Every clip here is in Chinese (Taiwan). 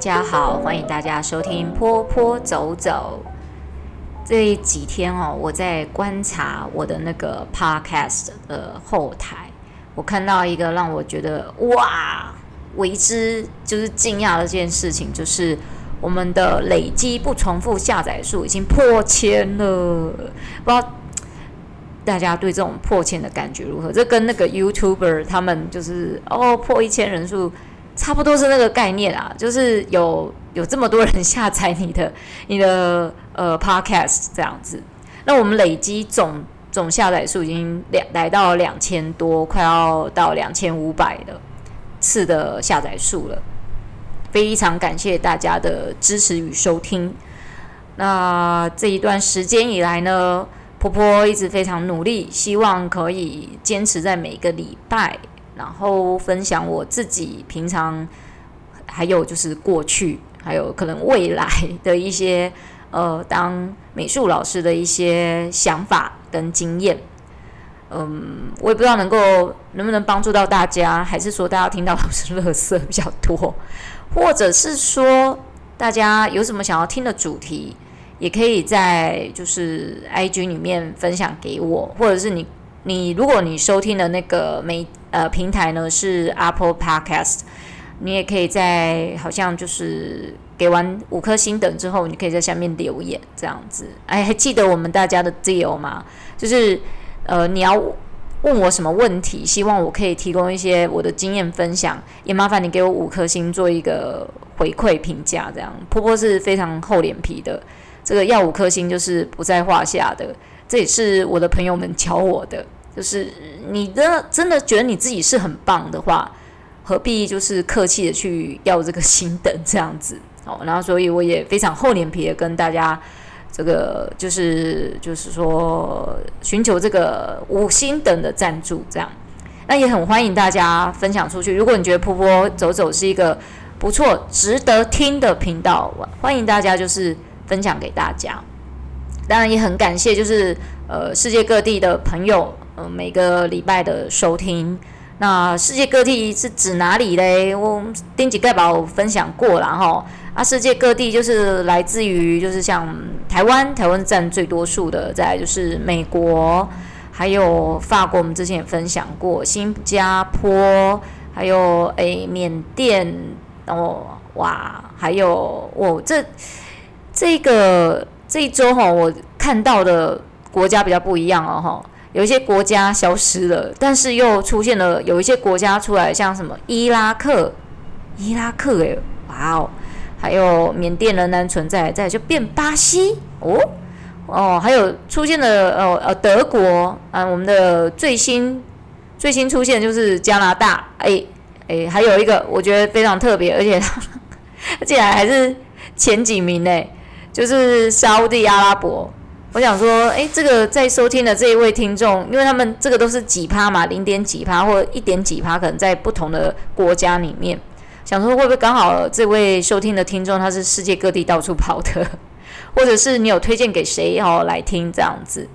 大家好，歡迎大家收聽《坡坡走走》。這幾天哦，我在觀察我的那個 podcast 的後台，我看到一個讓我覺得哇，為之就是驚訝的一件事情，就是我們的累積不重複下載數已經破千了。不知道大家對這種破千的感覺如何？這跟那個 YouTuber 他們就是哦破一千人數。差不多是那個概念啊，就是有有這麼多人下載你的你的呃 podcast 這樣子，那我們累積總總下載數已經兩來到兩千多，快要到兩千五百了，次的下載數了，非常感謝大家的支持與收聽。那這一段時間以來呢，婆婆一直非常努力，希望可以堅持在每個禮拜。然後分享我自己平常，還有就是過去，還有可能未來的一些呃，當美術老師的一些想法跟經驗。嗯，我也不知道能夠能不能幫助到大家，還是說大家聽到老師樂色比較多，或者是說大家有什麼想要聽的主題，也可以在就是 IG 裡面分享給我，或者是你你如果你收聽的那個媒。呃，平台呢是 Apple Podcast，你也可以在好像就是給完五顆星等之後，你可以在下面留言這樣子。哎，還記得我們大家的 deal 嗎？就是呃，你要問我什麼問題，希望我可以提供一些我的經驗分享，也麻煩你給我五顆星做一個回饋評價，這樣。婆婆是非常厚臉皮的，這個要五顆星就是不在話下的，這也是我的朋友們教我的。就是你真的真的覺得你自己是很棒的話，何必就是客氣的去要這個星等這樣子哦？然後所以我也非常厚臉皮的跟大家這個就是就是說尋求這個五星等的贊助這樣。那也很歡迎大家分享出去。如果你覺得“波波走走”是一個不錯、值得聽的頻道，歡迎大家就是分享給大家。當然也很感謝，就是呃世界各地的朋友。每個禮拜的收聽，那世界各地是指哪裡嘞？我丁吉蓋寶分享過啦哈。啊，世界各地就是來自於就是像台灣，台灣占最多數的。再來就是美國，還有法國，我們之前也分享過新加坡，還有誒緬甸哦哇，還有哦這這個這一周吼，我看到的國家比較不一樣哦吼。有一些國家消失了，但是又出現了有一些國家出來，像什麼伊拉克，伊拉克誒、欸，哇哦，還有緬甸仍然存在在，再來就變巴西哦哦，還有出現了呃呃、哦、德國，啊，我們的最新最新出現的就是加拿大，誒、欸。誒、欸，還有一個我覺得非常特別，而且他竟然還是前幾名哎、欸，就是沙烏地阿拉伯。我想說，誒，這個在收聽的這一位聽眾，因為他們這個都是幾趴嘛，零點幾趴，或一點幾趴。可能在不同的國家裡面。想說會不會剛好這位收聽的聽眾他是世界各地到處跑的，或者是你有推薦給誰哦來聽這樣子？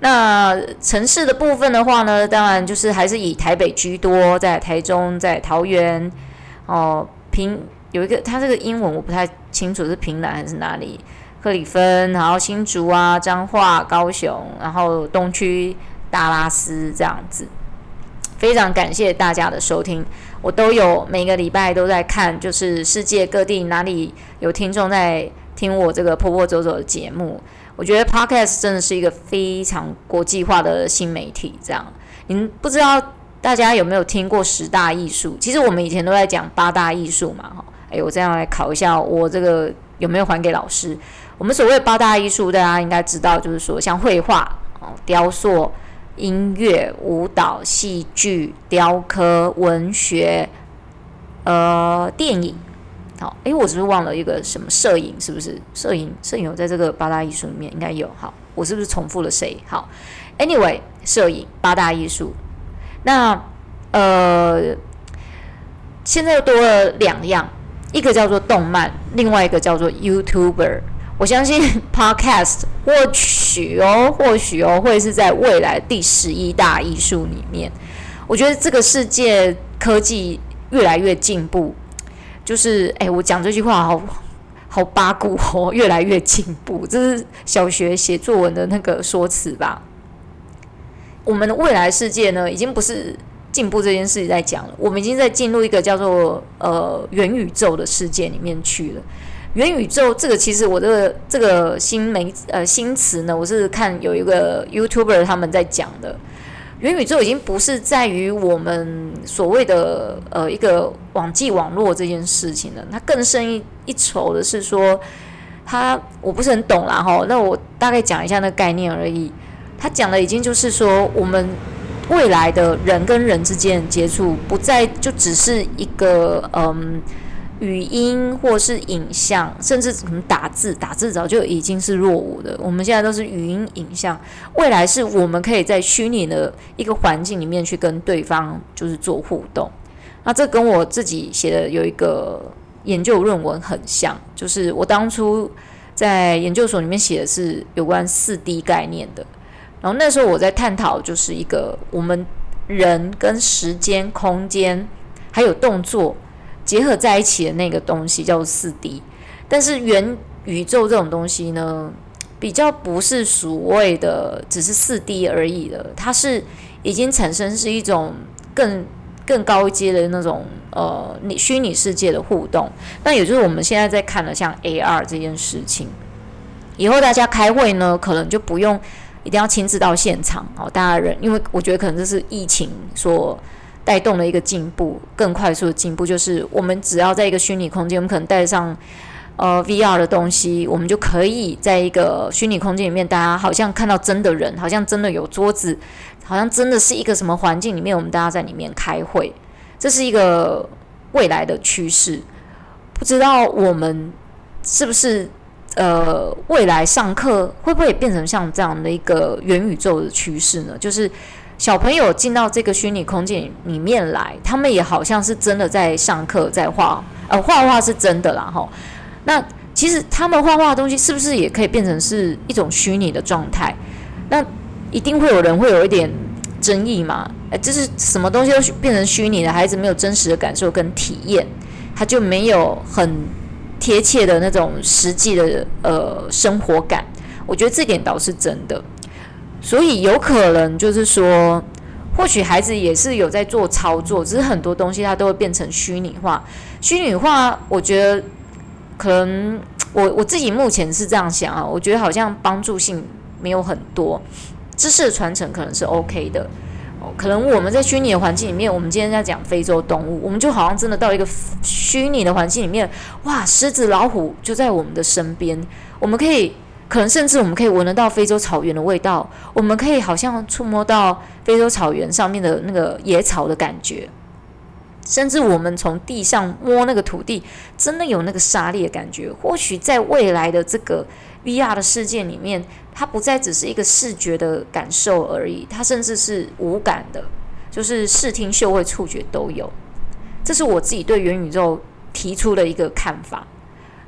那城市的部分的話呢，當然就是還是以台北居多，在台中、在桃園，哦平有一個，他這個英文我不太清楚是平南還是哪裡。克里芬，然後新竹啊，彰化、高雄，然後東區、達拉斯這樣子。非常感謝大家的收聽，我都有每個禮拜都在看，就是世界各地哪裡有聽眾在聽我這個破破走走的節目。我覺得 Podcast 真的是一個非常國際化的新媒體。這樣，您不知道大家有沒有聽過十大藝術？其實我們以前都在講八大藝術嘛。哈，哎，我這樣來考一下，我這個有沒有還給老師？我們所謂八大藝術，大家應該知道，就是說像繪畫、雕塑、音樂、舞蹈、戲劇、雕刻、文學，呃，電影。好，誒，我是不是忘了一個什麼？攝影是不是？攝影，攝影有在這個八大藝術裡面應該有。好，我是不是重複了誰？好，Anyway，攝影，八大藝術。那呃，現在又多了兩樣，一個叫做動漫，另外一個叫做 YouTuber。我相信 Podcast，或許哦，或許哦，會是在未來第十一大藝術裡面。我覺得這個世界科技越來越進步，就是哎、欸，我講這句話好好八股哦，越來越進步，這是小學寫作文的那個說辭吧。我們的未來世界呢，已經不是進步這件事情在講了，我們已經在進入一個叫做呃元宇宙的世界裡面去了。元宇宙這個其實我這個這個新媒呃新詞呢，我是看有一個 YouTuber 他們在講的。元宇宙已經不是在於我們所謂的呃一個網際網絡這件事情了，它更勝一一籌的是說，它我不是很懂啦哈，那我大概講一下那個概念而已。他講的已經就是說，我們未來的人跟人之間的接觸不再就只是一個嗯。語音或是影像，甚至什麼打字，打字早就已經是落伍的。我們現在都是語音、影像，未來是我們可以在虛擬的一個環境裡面去跟對方就是做互動。那這跟我自己寫的有一個研究論文很像，就是我當初在研究所裡面寫的是有關四 D 概念的。然後那時候我在探討就是一個我們人跟時間、空間還有動作。結合在一起的那個東西叫四 D，但是元宇宙這種東西呢，比較不是所謂的只是四 D 而已了。它是已經產生是一種更更高階的那種呃，你虛擬世界的互動。那也就是我們現在在看了像 AR 這件事情，以後大家開會呢，可能就不用一定要親自到現場啊，大家人，因為我覺得可能這是疫情所。帶動了一個進步，更快速的進步，就是我們只要在一個虛擬空間，我們可能帶上呃 VR 的東西，我們就可以在一個虛擬空間裡面，大家好像看到真的人，好像真的有桌子，好像真的是一個什麼環境裡面，我們大家在裡面開會，這是一個未來的趨勢。不知道我們是不是呃未來上課會不會變成像這樣的一個元宇宙的趨勢呢？就是。小朋友進到這個虛擬空間裡面來，他們也好像是真的在上課，在畫，呃，畫畫是真的啦，哈。那其實他們畫畫的東西是不是也可以變成是一種虛擬的狀態？那一定會有人會有一點爭議嘛。欸，就是什麼東西都變成虛擬的，孩子沒有真實的感受跟體驗，他就沒有很貼切的那種實際的呃生活感。我覺得這點倒是真的。所以有可能就是說，或許孩子也是有在做操作，只是很多東西它都會變成虛擬化。虛擬化，我覺得可能我我自己目前是這樣想啊，我覺得好像幫助性沒有很多。知識的傳承可能是 OK 的，可能我們在虛擬的環境裡面，我們今天在講非洲動物，我們就好像真的到一個虛擬的環境裡面，哇，獅子、老虎就在我們的身邊，我們可以。可能甚至我們可以聞得到非洲草原的味道，我們可以好像觸摸到非洲草原上面的那個野草的感覺，甚至我們從地上摸那個土地，真的有那個沙粒的感覺。或許在未來的這個 VR 的世界裡面，它不再只是一個視覺的感受而已，它甚至是五感的，就是視聽嗅味觸覺都有。這是我自己對元宇宙提出的一個看法。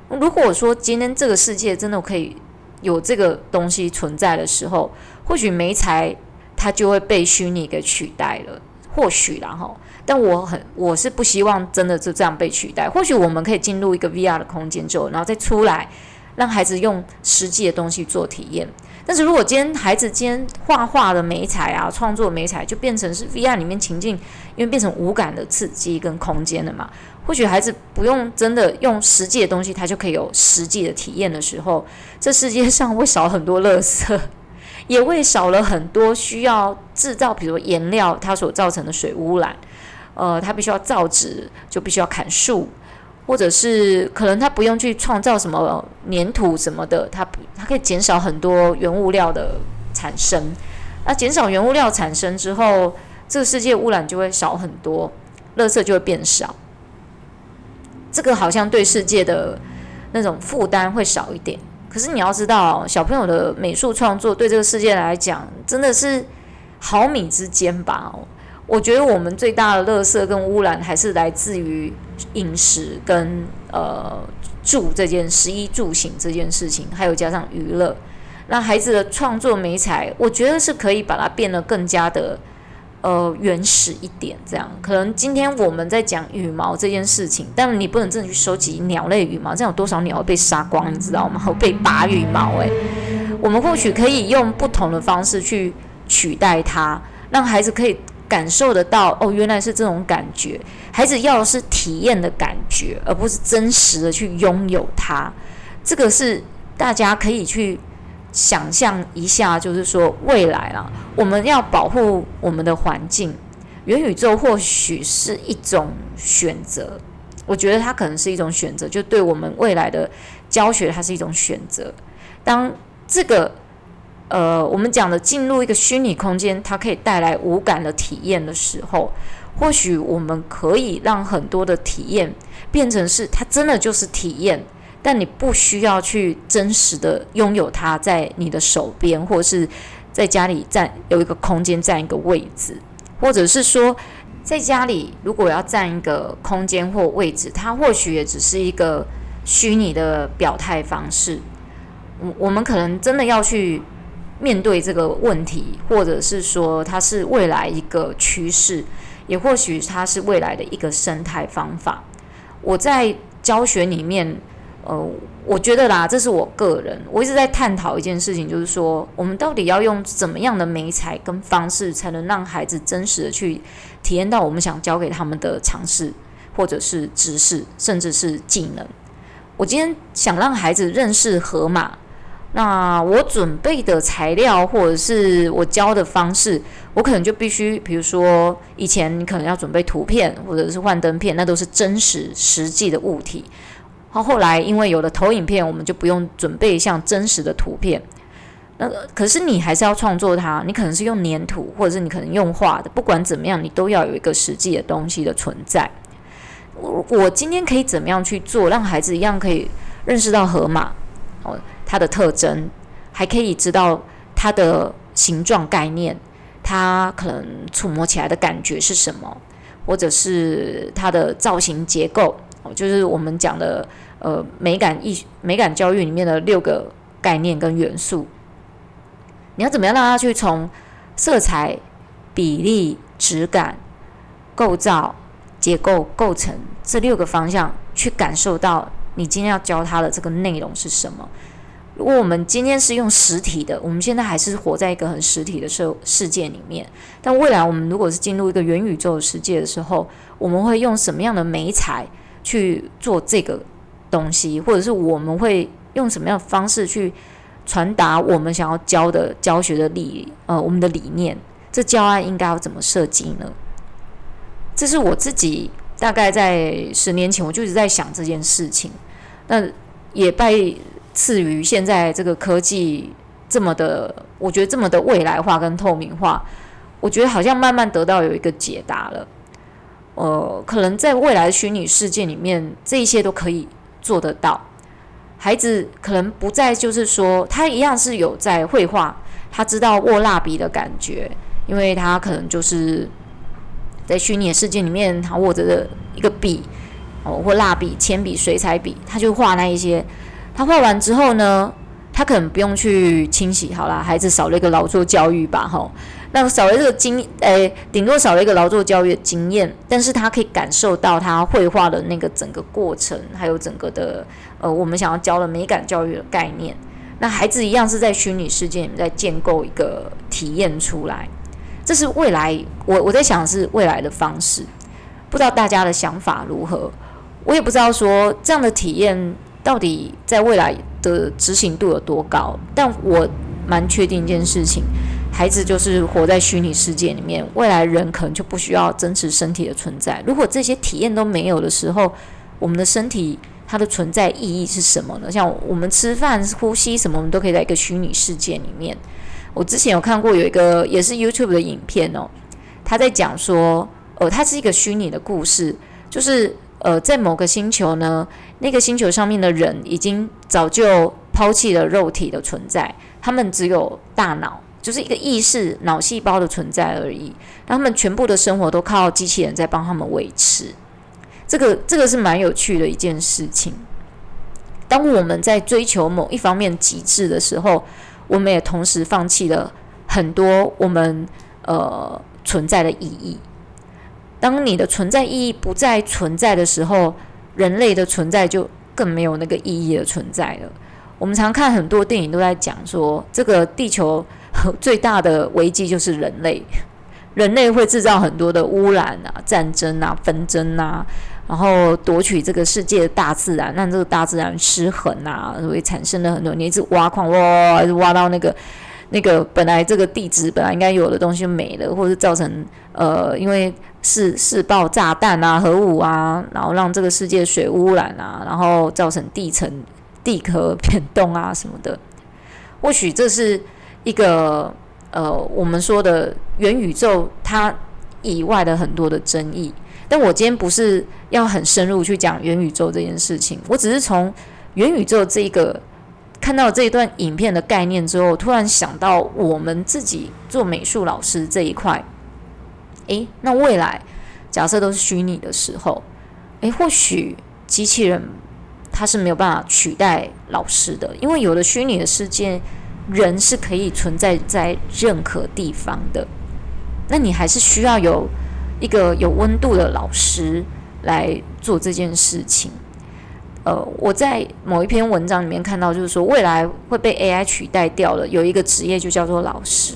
如果說今天這個世界真的可以。有這個東西存在的時候，或許媒材它就會被虛擬給取代了，或許然後，但我很我是不希望真的就這樣被取代。或許我們可以進入一個 VR 的空間之後，然後再出來，讓孩子用實際的東西做體驗。但是如果今天孩子今天畫畫的媒材啊，創作媒材就變成是 VR 裡面情境，因為變成無感的刺激跟空間了嘛。或許孩子不用真的用實際的東西，他就可以有實際的體驗的時候，這世界上會少很多垃圾，也會少了很多需要製造，比如說顏料它所造成的水污染，呃，它必須要造紙，就必須要砍樹。或者是可能他不用去創造什麼粘土什麼的，他不，他可以減少很多原物料的產生。那減少原物料產生之後，這個世界的污染就會少很多，垃圾就會變少。這個好像對世界的那種負擔會少一點。可是你要知道，小朋友的美術創作對這個世界來講，真的是毫米之間吧？我覺得我們最大的垃圾跟污染，還是來自於飲食跟呃住這件食衣住行這件事情，還有加上娛樂。那孩子的創作媒材，我覺得是可以把它變得更加的呃原始一點。這樣，可能今天我們在講羽毛這件事情，但你不能真的去收集鳥類羽毛，這樣有多少鳥被殺光，你知道嗎？被拔羽毛誒、欸，我們或許可以用不同的方式去取代它，讓孩子可以。感受得到哦，原來是這種感覺。孩子要的是體驗的感覺，而不是真實的去擁有它。這個是大家可以去想象一下，就是說未來啊，我們要保護我們的環境，元宇宙或許是一種選擇。我覺得它可能是一種選擇，就對我們未來的教學，它是一種選擇。當這個。呃，我們講的進入一個虛擬空間，它可以帶來無感的體驗的時候，或許我們可以讓很多的體驗變成是它真的就是體驗，但你不需要去真實的擁有它在你的手邊，或是在家裡占有一個空間，占一個位置，或者是說在家裡如果要占一個空間或位置，它或許也只是一個虛擬的表態方式。我我們可能真的要去。面對這個問題，或者是說它是未來一個趨勢，也或許它是未來的一個生態方法。我在教學裡面，呃，我覺得啦，這是我個人，我一直在探討一件事情，就是說，我們到底要用怎麼樣的媒材跟方式，才能讓孩子真實的去體驗到我們想教給他們的常識，或者是知識，甚至是技能。我今天想讓孩子認識河馬。那我準備的材料或者是我教的方式，我可能就必須，比如說以前你可能要準備圖片或者是幻燈片，那都是真實實際的物體。好，後來因為有了投影片，我們就不用準備像真實的圖片。那可是你還是要創作它，你可能是用粘土，或者是你可能用畫的，不管怎麼樣，你都要有一個實際的東西的存在。我我今天可以怎麼樣去做，讓孩子一樣可以認識到河馬？哦。它的特徵，還可以知道它的形狀概念，它可能觸摸起來的感覺是什麼，或者是它的造型結構，就是我們講的呃美感藝美感教育裡面的六個概念跟元素。你要怎麼樣讓他去從色彩、比例、質感、構造、結構、構成這六個方向去感受到你今天要教他的這個內容是什麼？如果我們今天是用實體的，我們現在還是活在一個很實體的社世界裡面。但未來我們如果是進入一個元宇宙的世界的時候，我們會用什麼樣的媒材去做這個東西，或者是我們會用什麼樣的方式去傳達我們想要教的教學的理呃我們的理念？這教案應該要怎麼設計呢？這是我自己大概在十年前我就一直在想這件事情，那也拜。次於現在這個科技這麼的，我覺得這麼的未來化跟透明化，我覺得好像慢慢得到有一個解答了。呃，可能在未來虛擬世界裡面，這些都可以做得到。孩子可能不再就是說，他一樣是有在繪畫，他知道握蠟筆的感覺，因為他可能就是在虛擬世界裡面，他握着的一個筆哦、呃，或蠟筆、鉛筆、水彩筆，他就畫那一些。他畫完之後呢，他可能不用去清洗，好啦，孩子少了一個勞作教育吧，吼，那少了這個經，誒、欸，頂多少了一個勞作教育的經驗，但是他可以感受到他繪畫的那個整個過程，還有整個的，呃，我們想要教的美感教育的概念，那孩子一樣是在虛擬世界裡面在建構一個體驗出來，這是未來，我我在想是未來的方式，不知道大家的想法如何，我也不知道說這樣的體驗。到底在未來的執行度有多高？但我蠻確定一件事情，孩子就是活在虛擬世界裡面。未來人可能就不需要真實身體的存在。如果這些體驗都沒有的時候，我們的身體它的存在意義是什麼呢？像我們吃飯、呼吸什麼，我們都可以在一個虛擬世界裡面。我之前有看過有一個也是 YouTube 的影片哦，他在講說，呃，它是一個虛擬的故事，就是呃，在某個星球呢。那個星球上面的人已經早就拋棄了肉體的存在，他們只有大腦，就是一個意識腦細胞的存在而已。他們全部的生活都靠機器人在幫他們維持。這個這個是蠻有趣的一件事情。當我們在追求某一方面極致的時候，我們也同時放棄了很多我們呃存在的意義。當你的存在意義不再存在的時候。人類的存在就更沒有那個意義的存在了。我們常看很多電影都在講說，這個地球最大的危機就是人類，人類會制造很多的污染啊、戰爭啊、紛爭啊，然後奪取這個世界的大自然，讓這個大自然失衡啊，所以產生了很多。你一直挖礦哇，挖到那個。那個本來這個地質本來應該有的東西就沒了，或者是造成呃，因為是是爆炸彈啊、核武啊，然後讓這個世界水污染啊，然後造成地層地殼變動啊什麼的。或許這是一個呃，我們說的元宇宙它以外的很多的爭議。但我今天不是要很深入去講元宇宙這件事情，我只是從元宇宙這一個。看到這一段影片的概念之後，突然想到我們自己做美術老師這一塊，誒，那未來假設都是虛擬的時候，誒，或許機器人它是沒有辦法取代老師的，因為有了虛擬的世界，人是可以存在在任何地方的，那你還是需要有一個有溫度的老師來做這件事情。呃，我在某一篇文章裡面看到，就是說未來會被 AI 取代掉的。有一個職業就叫做老師，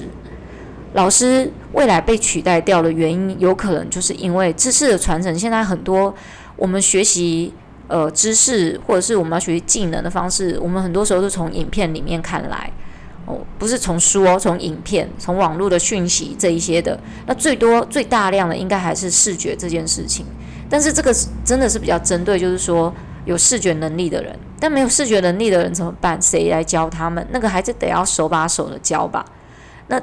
老師未來被取代掉的原因，有可能就是因為知識的傳承。現在很多我們學習呃知識，或者是我們要學習技能的方式，我們很多時候都從影片裡面看來哦，不是從書哦，從影片、從網絡的訊息這一些的。那最多、最大量的應該還是視覺這件事情。但是這個真的是比較針對，就是說。有視覺能力的人，但沒有視覺能力的人怎麼辦？誰來教他們？那個還是得要手把手的教吧。那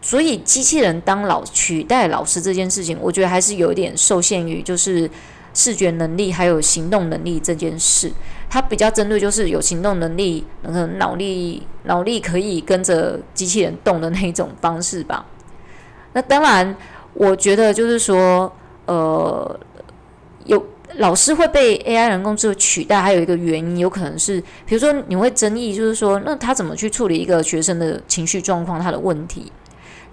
所以，機器人當老取代老師這件事情，我覺得還是有一點受限於就是視覺能力還有行動能力這件事。它比較針對就是有行動能力、可能腦力、腦力可以跟着機器人動的那一種方式吧。那當然，我覺得就是說，呃，有。老師會被 AI 人工智能取代，還有一個原因，有可能是，比如說你會爭議，就是說，那他怎麼去處理一個學生的情緒狀況，他的問題？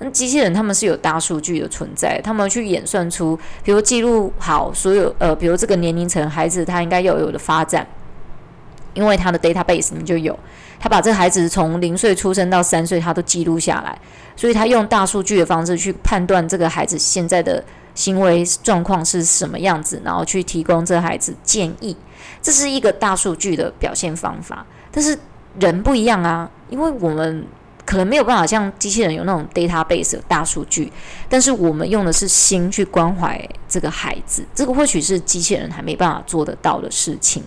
那機器人他們是有大數據的存在，他們去演算出，比如記錄好所有，呃，比如這個年齡層孩子他應該要有的發展，因為他的 database 裡面就有，他把這個孩子從零歲出生到三歲，他都記錄下來，所以他用大數據的方式去判斷這個孩子現在的。行為狀況是什麼樣子，然後去提供這孩子建議，這是一個大數據的表現方法。但是人不一樣啊，因為我們可能沒有辦法像機器人有那種 database 的大數據，但是我們用的是心去關懷這個孩子，這個或許是機器人還沒辦法做得到的事情。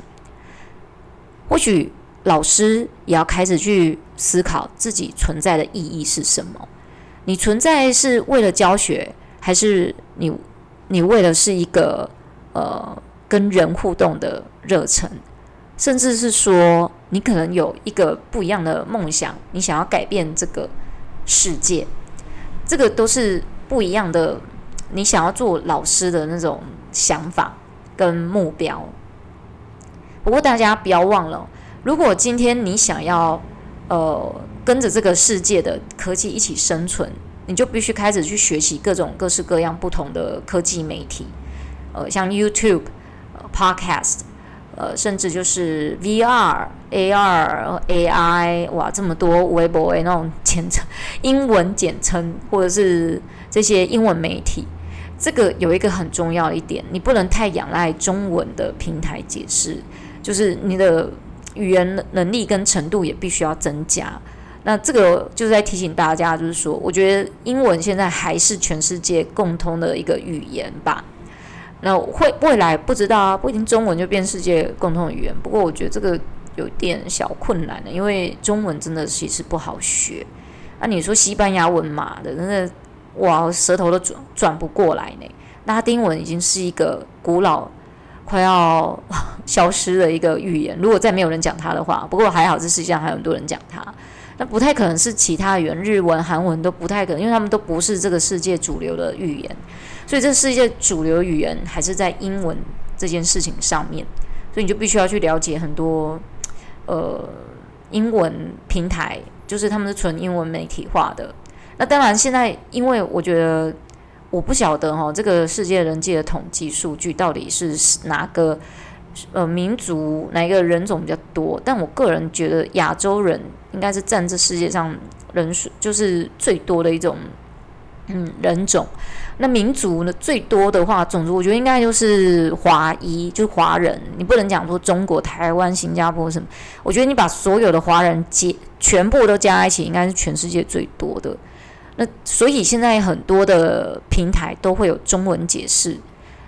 或許老師也要開始去思考自己存在的意義是什麼？你存在是為了教學？還是你，你為的是一個呃跟人互動的熱忱，甚至是說你可能有一個不一樣的夢想，你想要改變這個世界，這個都是不一樣的。你想要做老師的那種想法跟目標。不過大家不要忘了，如果今天你想要呃跟着這個世界的科技一起生存。你就必須開始去學習各種各式各樣不同的科技媒體，呃，像 YouTube，呃，Podcast，呃，甚至就是 VR、AR、AI，哇，這麼多微博的，的那種簡稱、英文簡稱，或者是這些英文媒體。這個有一個很重要的一點，你不能太仰賴中文的平台解釋，就是你的語言能力跟程度也必須要增加。那這個就是在提醒大家，就是說，我覺得英文現在還是全世界共通的一個語言吧。那會未來不知道啊，不一定中文就變世界共通的語言。不過我覺得這個有點小困難的，欸，因為中文真的其實不好學啊。那你說西班牙文嘛的，真的哇，舌頭都轉轉不過來呢，欸。拉丁文已經是一個古老、快要消失的一個語言，如果再沒有人講它的話。不過還好，這世界上還有很多人講它。那不太可能是其他語言，日文、韓文都不太可能，因為他們都不是這個世界主流的語言。所以，這世界主流語言還是在英文這件事情上面。所以，你就必須要去了解很多呃英文平台，就是他們是純英文媒體化的。那當然，現在因為我覺得我不曉得哈，這個世界人際的統計數據到底是哪個。呃，民族哪一個人種比較多？但我個人覺得，亞洲人應該是占這世界上人數就是最多的一種，嗯，人種。那民族呢，最多的話，種族我覺得應該就是華裔，就是華人。你不能講說中國、台灣、新加坡什麼？我覺得你把所有的華人解全部都加在一起，應該是全世界最多的。那所以現在很多的平台都會有中文解釋。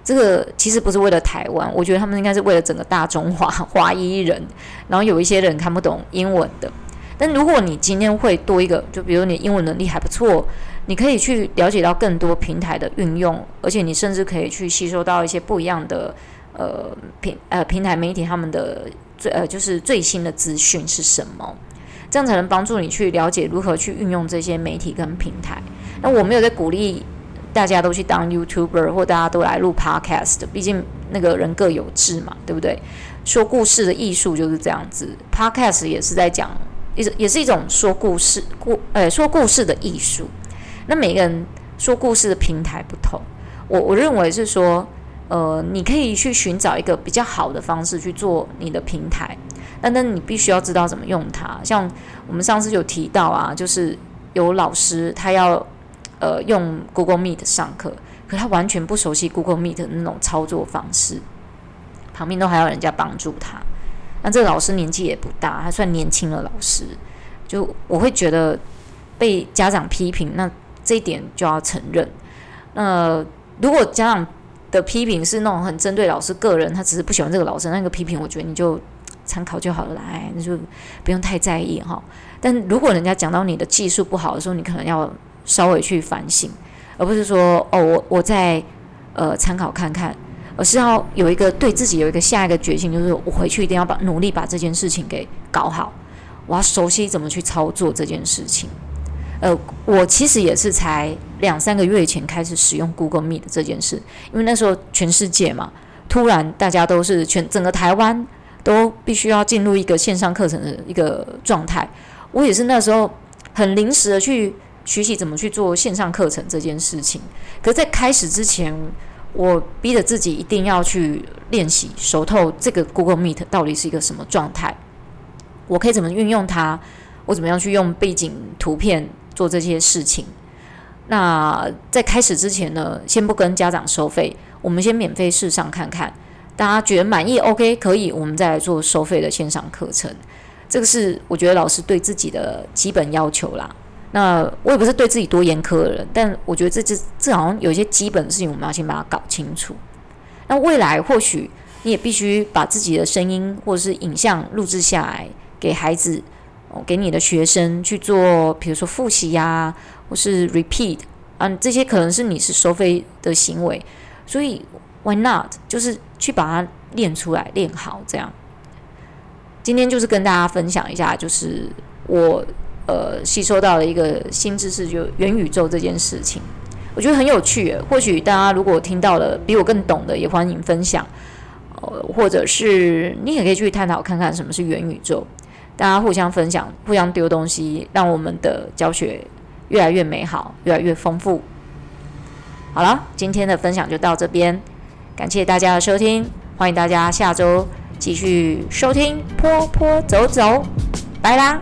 這個其實不是為了台灣，我覺得他們應該是為了整個大中華華裔人。然後有一些人看不懂英文的，但如果你今天會多一個，就比如你的英文能力還不錯，你可以去了解到更多平台的運用，而且你甚至可以去吸收到一些不一樣的呃平、呃平台媒體他們的最呃就是最新的資訊是什麼，這樣才能幫助你去了解如何去運用這些媒體跟平台。那我沒有在鼓勵。大家都去當 YouTuber，或大家都來錄 Podcast，畢竟那個人各有志嘛，對不對？說故事的藝術就是這樣子，Podcast 也是在講，也是也是一種說故事，故誒、欸，說故事的藝術。那每個人說故事的平台不同，我我認為是說，呃，你可以去尋找一個比較好的方式去做你的平台，那那你必須要知道怎麼用它。像我們上次有提到啊，就是有老師他要。呃，用 Google Meet 上課，可他完全不熟悉 Google Meet 的那種操作方式，旁邊都還要人家幫助他。那這老師年紀也不大，還算年輕的老師。就我會覺得被家長批評，那這一點就要承認。那如果家長的批評是那種很針對老師個人，他只是不喜歡這個老師，那個批評我覺得你就參考就好了，來，那你就不用太在意哈。但如果人家講到你的技術不好的時候，你可能要。稍微去反省，而不是說哦，我我再呃參考看看，而是要有一個對自己有一個下一個決心，就是我回去一定要把努力把這件事情給搞好。我要熟悉怎麼去操作這件事情。呃，我其實也是才兩三個月以前開始使用 Google Meet 這件事，因為那時候全世界嘛，突然大家都是全整個台灣都必須要進入一個線上課程的一個狀態。我也是那時候很臨時的去。學習怎麼去做線上課程這件事情，可是在開始之前，我逼着自己一定要去練習熟透這個 Google Meet 到底是一個什麼狀態，我可以怎麼運用它，我怎麼樣去用背景圖片做這些事情。那在開始之前呢，先不跟家長收費，我們先免費試上看看，大家覺得滿意 OK 可以，我們再來做收費的線上課程。這個是我覺得老師對自己的基本要求啦。那我也不是對自己多嚴苛的人，但我覺得這這這好像有些基本的事情，我們要先把它搞清楚。那未來或許你也必須把自己的聲音或者是影像錄制下來，給孩子，哦，給你的學生去做，比如說複習呀、啊，或是 repeat 啊，這些可能是你是收費的行為，所以 why not？就是去把它練出來，練好，這樣。今天就是跟大家分享一下，就是我。呃，吸收到了一個新知識，就元宇宙這件事情，我覺得很有趣欸。或許大家如果聽到了比我更懂的，也歡迎分享。呃，或者是你也可以去探討看看什麼是元宇宙，大家互相分享、互相丟東西，讓我們的教學越來越美好、越來越豐富。好了，今天的分享就到這邊，感謝大家的收聽，歡迎大家下周繼續收聽，坡坡走走，拜啦。